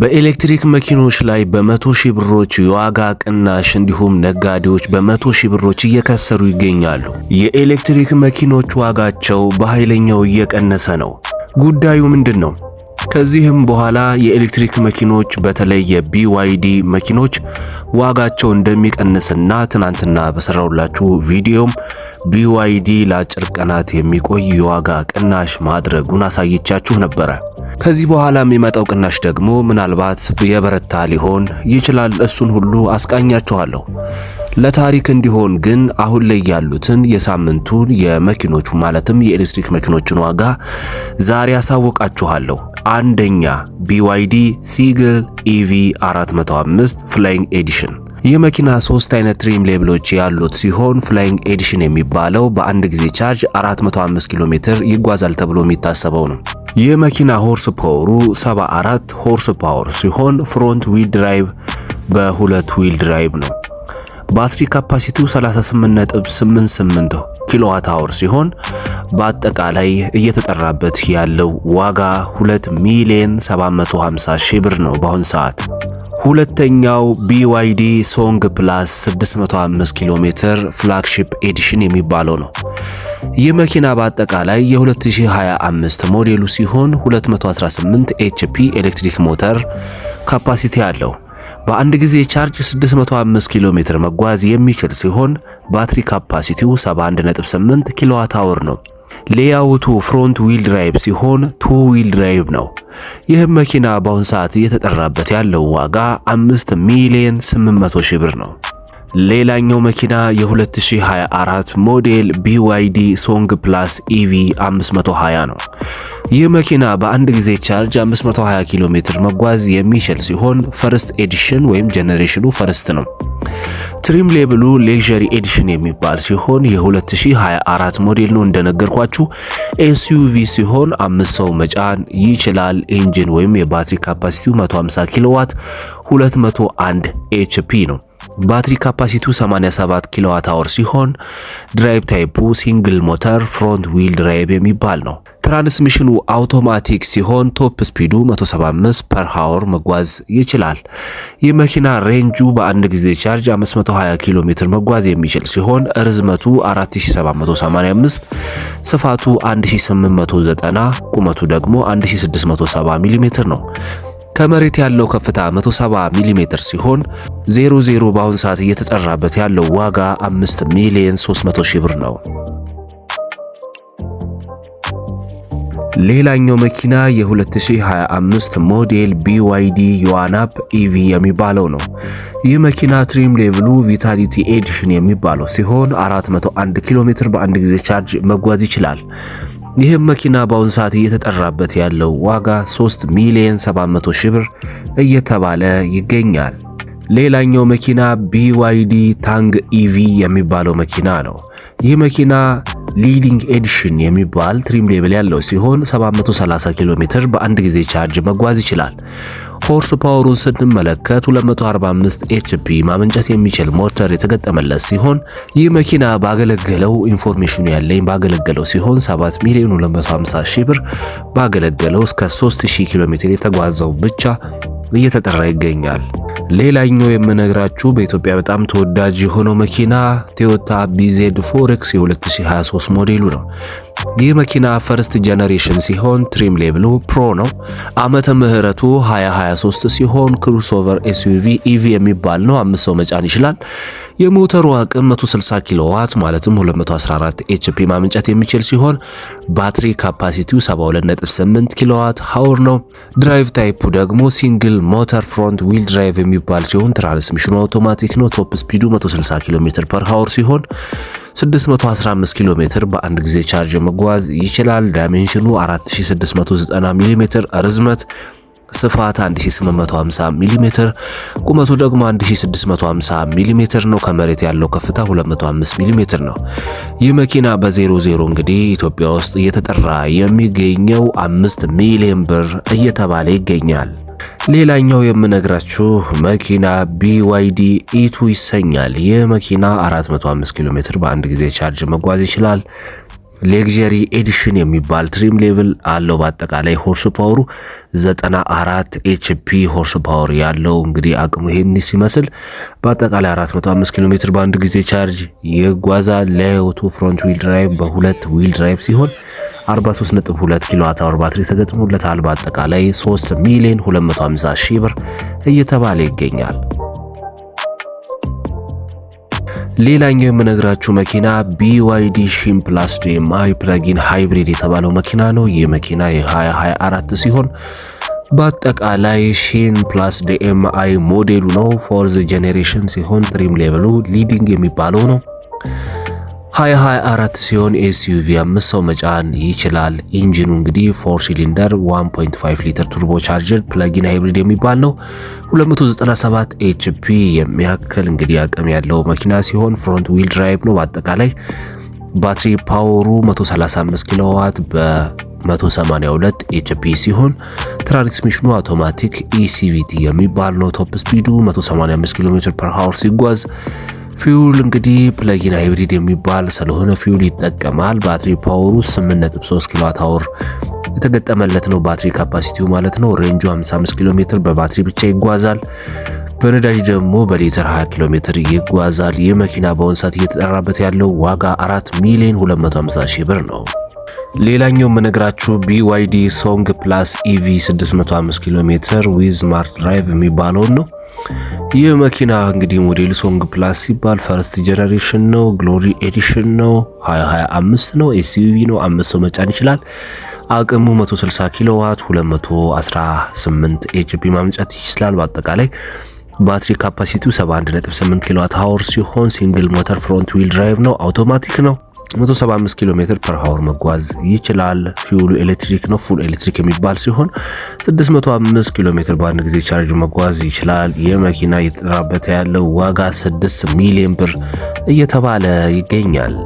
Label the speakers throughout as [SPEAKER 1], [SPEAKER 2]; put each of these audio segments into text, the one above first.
[SPEAKER 1] በኤሌክትሪክ መኪኖች ላይ በመቶ ሺህ ብሮች የዋጋ ቅናሽ እንዲሁም ነጋዴዎች በመቶ ሺህ ብሮች እየከሰሩ ይገኛሉ። የኤሌክትሪክ መኪኖች ዋጋቸው በኃይለኛው እየቀነሰ ነው። ጉዳዩ ምንድን ነው? ከዚህም በኋላ የኤሌክትሪክ መኪኖች በተለይ የቢዋይዲ መኪኖች ዋጋቸው እንደሚቀንስና ትናንትና በሰራውላችሁ ቪዲዮም ቢዋይዲ ለአጭር ቀናት የሚቆይ የዋጋ ቅናሽ ማድረጉን አሳይቻችሁ ነበረ። ከዚህ በኋላ የሚመጣው ቅናሽ ደግሞ ምናልባት የበረታ ሊሆን ይችላል። እሱን ሁሉ አስቃኛችኋለሁ። ለታሪክ እንዲሆን ግን አሁን ላይ ያሉትን የሳምንቱን የመኪኖቹ ማለትም የኤሌክትሪክ መኪኖችን ዋጋ ዛሬ አሳወቃችኋለሁ። አንደኛ ቢዋይዲ ሲግል ኢቪ 405 ፍላይንግ ኤዲሽን የመኪና ሶስት አይነት ትሪም ሌብሎች ያሉት ሲሆን ፍላይንግ ኤዲሽን የሚባለው በአንድ ጊዜ ቻርጅ 405 ኪሎ ሜትር ይጓዛል ተብሎ የሚታሰበው ነው። የመኪና ሆርስ ፓወሩ 74 ሆርስ ፓወር ሲሆን ፍሮንት ዊል ድራይቭ በሁለት ዊል ድራይቭ ነው። ባትሪ ካፓሲቲው 38.88 ኪሎዋት አወር ሲሆን በአጠቃላይ እየተጠራበት ያለው ዋጋ 2 ሚሊዮን 750 ሺህ ብር ነው በአሁን ሰዓት። ሁለተኛው BYD ሶንግ ፕላስ 605 ኪሎ ሜትር ፍላግሺፕ ኤዲሽን የሚባለው ነው። ይህ መኪና በአጠቃላይ የ2025 ሞዴሉ ሲሆን 218 ኤችፒ ኤሌክትሪክ ሞተር ካፓሲቲ አለው። በአንድ ጊዜ ቻርጅ 605 ኪሎ ሜትር መጓዝ የሚችል ሲሆን ባትሪ ካፓሲቲው 71.8 ኪሎዋት አወር ነው። ሌያውቱ ፍሮንት ዊል ድራይቭ ሲሆን ቱ ዊል ድራይቭ ነው። ይህም መኪና በአሁን ሰዓት እየተጠራበት ያለው ዋጋ 5 ሚሊዮን 800 ሺህ ብር ነው። ሌላኛው መኪና የ2024 ሞዴል BYD ሶንግ Plus EV 520 ነው። ይህ መኪና በአንድ ጊዜ ቻርጅ 520 ኪሎ ሜትር መጓዝ የሚችል ሲሆን ፈርስት ኤዲሽን ወይም ጀኔሬሽኑ ፈርስት ነው። ትሪም ሌብሉ ሌክዠሪ ኤዲሽን የሚባል ሲሆን የ2024 ሞዴል ነው። እንደነገርኳችሁ ኤስዩቪ ሲሆን አምስት ሰው መጫን ይችላል። ኢንጂን ወይም የባትሪ ካፓሲቲው 150 ኪሎዋት 201 ኤችፒ ነው። ባትሪ ካፓሲቲው 87 ኪሎዋት አወር ሲሆን ድራይቭ ታይፑ ሲንግል ሞተር ፍሮንት ዊል ድራይቭ የሚባል ነው። ትራንስሚሽኑ አውቶማቲክ ሲሆን ቶፕ ስፒዱ 175 ፐር ሃወር መጓዝ ይችላል። የመኪና ሬንጁ በአንድ ጊዜ ቻርጅ 520 ኪሎ ሜትር መጓዝ የሚችል ሲሆን ርዝመቱ 4785፣ ስፋቱ 1890፣ ቁመቱ ደግሞ 1670 ሚሊ ሜትር ነው። ከመሬት ያለው ከፍታ 170 ሚሜ ሲሆን 00 በአሁን ሰዓት እየተጠራበት ያለው ዋጋ 5 ሚሊዮን 300 ሺህ ብር ነው። ሌላኛው መኪና የ2025 ሞዴል BYD ዮዋንአፕ ኢቪ የሚባለው ነው። ይህ መኪና ትሪም ሌቭሉ ቪታሊቲ ኤዲሽን የሚባለው ሲሆን 401 ኪሎ ሜትር በአንድ ጊዜ ቻርጅ መጓዝ ይችላል። ይህም መኪና በአሁን ሰዓት እየተጠራበት ያለው ዋጋ 3 ሚሊዮን 700 ሺህ ብር እየተባለ ይገኛል። ሌላኛው መኪና BYD ታንግ ኢቪ የሚባለው መኪና ነው። ይህ መኪና ሊዲንግ ኤዲሽን የሚባል ትሪም ሌብል ያለው ሲሆን 730 ኪሎ ሜትር በአንድ ጊዜ ቻርጅ መጓዝ ይችላል። ፎርስ ፓወሩን ስንመለከት 245 ኤችፒ ማመንጨት የሚችል ሞተር የተገጠመለት ሲሆን ይህ መኪና ባገለገለው ኢንፎርሜሽኑ ያለኝ ባገለገለው ሲሆን 7 ሚሊዮን 250 ሺህ ብር ባገለገለው እስከ 3000 ኪሎ ሜትር የተጓዘው ብቻ እየተጠራ ይገኛል። ሌላኛው የምነግራችሁ በኢትዮጵያ በጣም ተወዳጅ የሆነው መኪና ቶዮታ ቢዜድ ፎሬክስ የ2023 ሞዴሉ ነው። ይህ መኪና ፈርስት ጀነሬሽን ሲሆን ትሪም ሌብሉ ፕሮ ነው። አመተ ምህረቱ 2023 ሲሆን ክሩስ ኦቨር ኤስዩቪ ኢቪ e የሚባል ነው። አምስት ሰው መጫን ይችላል። የሞተሩ አቅም 160 ኪሎዋት ማለትም 214 ኤችፒ ማመንጨት የሚችል ሲሆን ባትሪ ካፓሲቲው 728 ኪሎዋት ሀውር ነው። ድራይቭ ታይፑ ደግሞ ሲንግል ሞተር ፍሮንት ዊል ድራይቭ የሚባል ሲሆን ትራንስሚሽኑ አውቶማቲክ ነው። ቶፕ ስፒዱ 160 ኪሎ ሜትር ፐር ሀውር ሲሆን 615 ኪሎ ሜትር በአንድ ጊዜ ቻርጅ መጓዝ ይችላል። ዳይሜንሽኑ 4690 ሚሜ ርዝመት ስፋት 1850 ሚሜ ቁመቱ ደግሞ 1650 ሚሜ ነው። ከመሬት ያለው ከፍታ 205 ሚሜ ነው። ይህ መኪና በ00 እንግዲህ ኢትዮጵያ ውስጥ እየተጠራ የሚገኘው 5 ሚሊዮን ብር እየተባለ ይገኛል። ሌላኛው የምነግራችሁ መኪና ቢዋይዲ ኢቱ ይሰኛል። ይህ መኪና 405 ኪሎ ሜትር በአንድ ጊዜ ቻርጅ መጓዝ ይችላል። ሌግዠሪ ኤዲሽን የሚባል ትሪም ሌቭል አለው። በአጠቃላይ ሆርስ ፓወሩ 94 ኤችፒ ሆርስ ፓወር ያለው እንግዲህ አቅሙ ይህን ሲመስል በአጠቃላይ 405 ኪሎ ሜትር በአንድ ጊዜ ቻርጅ ይጓዛል። ለህይወቱ ፍሮንት ዊል ድራይቭ በሁለት ዊል ድራይቭ ሲሆን 43.2 ኪሎ ዋት አወር ባትሪ ተገጥሞለታል። በአጠቃላይ 3 ሚሊዮን 250 ሺህ ብር እየተባለ ይገኛል። ሌላኛው የምነግራችሁ መኪና BYD ሺን ፕላስ ዲኤምአይ ፕለጊን ሃይብሪድ የተባለው መኪና ነው። ይህ መኪና የ2024 ሲሆን በአጠቃላይ ሺን ፕላስ ዲኤምአይ ሞዴሉ ነው። ፎርዝ ጄኔሬሽን ሲሆን ትሪም ሌቨሉ ሊዲንግ የሚባለው ነው። 2024 ሲሆን ኤስዩቪ አምስት ሰው መጫን ይችላል። ኢንጂኑ እንግዲህ ፎር ሲሊንደር 1.5 ሊትር ቱርቦ ቻርጀር ፕለጊን ሃይብሪድ የሚባል ነው። 297 ኤችፒ የሚያክል እንግዲህ አቅም ያለው መኪና ሲሆን ፍሮንት ዊል ድራይቭ ነው። በአጠቃላይ ባትሪ ፓወሩ 135 ኪሎዋት በ182 ኤችፒ ሲሆን ትራንስሚሽኑ አውቶማቲክ ኢሲቪቲ የሚባል ነው። ቶፕ ስፒዱ 185 ኪሎ ሜትር ፐር ሃወር ሲጓዝ ፊውል እንግዲህ ፕለጊን ሃይብሪድ የሚባል ስለሆነ ፊውል ይጠቀማል። ባትሪ ፓወሩ 8.3 ኪሎዋት አወር የተገጠመለት ነው፣ ባትሪ ካፓሲቲው ማለት ነው። ሬንጁ 55 ኪሎ ሜትር በባትሪ ብቻ ይጓዛል። በነዳጅ ደግሞ በሊትር 20 ኪሎ ሜትር ይጓዛል። ይህ መኪና በአሁን ሰዓት እየተጠራበት ያለው ዋጋ 4 ሚሊዮን 250 ሺህ ብር ነው። ሌላኛው የምነግራችሁ ቢዋይዲ ሶንግ ፕላስ ኢቪ 605 ኪሎ ሜትር ዊዝ ስማርት ድራይቭ የሚባለውን ነው። ይህ መኪና እንግዲህ ሞዴል ሶንግ ፕላስ ሲባል ፈርስት ጀነሬሽን ነው፣ ግሎሪ ኤዲሽን ነው፣ 2025 ነው፣ ኤስዩቪ ነው። አምስት ሰው መጫን ይችላል። አቅሙ 160 ኪሎ ዋት 218 ኤችፒ ማምጫት ይችላል። በአጠቃላይ ባትሪ ካፓሲቲው 71.8 ኪሎ ዋት አወር ሲሆን ሲንግል ሞተር ፍሮንት ዊል ድራይቭ ነው፣ አውቶማቲክ ነው። 175 ኪሎ ሜትር ፐር ሃወር መጓዝ ይችላል። ፊውሉ ኤሌክትሪክ ነው፣ ፉል ኤሌክትሪክ የሚባል ሲሆን 605 ኪሎ ሜትር በአንድ ጊዜ ቻርጅ መጓዝ ይችላል። የመኪና እየተጠራበት ያለው ዋጋ 6 ሚሊዮን ብር እየተባለ ይገኛል።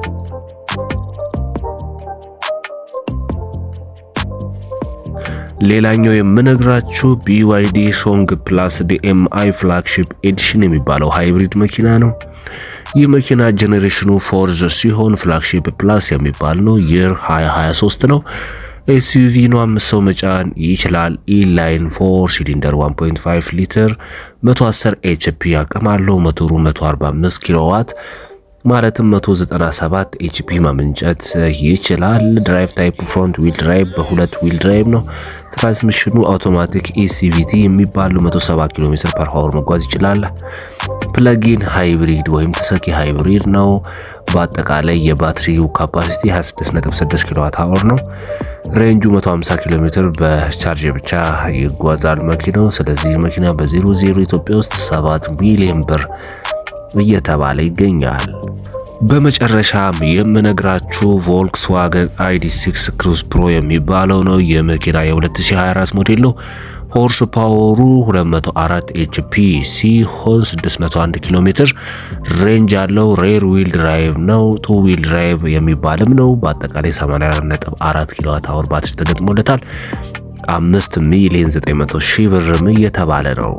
[SPEAKER 1] ሌላኛው የምነግራችሁ ቢዋይዲ ሶንግ ፕላስ ዲኤምአይ ፍላግሺፕ ኤዲሽን የሚባለው ሃይብሪድ መኪና ነው። ይህ መኪና ጄኔሬሽኑ ፎርዝ ሲሆን ፍላግሺፕ ፕላስ የሚባል ነው። ይር 2023 ነው። ኤስዩቪ ነው። አምስት ሰው መጫን ይችላል። ኢላይን ፎር ሲሊንደር 1.5 ሊትር 110 ኤችፒ አቅም አለው። ሞተሩ 145 ኪሎዋት ማለትም 197 ኤችፒ ማመንጨት ይችላል። ድራይቭ ታይፕ ፍሮንት ዊል ድራይቭ በሁለት ዊል ድራይቭ ነው። ትራንስሚሽኑ አውቶማቲክ ኢሲቪቲ የሚባሉ 170 ኪሎ ሜትር ፐር ሀወር መጓዝ ይችላል። ፕለጊን ሃይብሪድ ወይም ተሰኪ ሃይብሪድ ነው። በአጠቃላይ የባትሪው ካፓሲቲ 266 ኪሎዋት አወር ነው። ሬንጁ 150 ኪሎ ሜትር በቻርጅ ብቻ ይጓዛል መኪናው። ስለዚህ መኪና በ00 ኢትዮጵያ ውስጥ 7 ሚሊዮን ብር እየተባለ ይገኛል። በመጨረሻም የምነግራችሁ ቮልክስዋገን አይዲ6 ክሩዝ ፕሮ የሚባለው ነው። የመኪና የ2024 ሞዴል ነው። ሆርስ ፓወሩ 204 ኤችፒ ሲሆን 601 ኪሎ ሜትር ሬንጅ ያለው ሬር ዊል ድራይቭ ነው። ቱ ዊል ድራይቭ የሚባልም ነው። በአጠቃላይ 84.4 ኪሎዋት አወር ባትሪ ተገጥሞለታል። 5 ሚሊዮን 900 ሺህ ብርም እየተባለ ነው።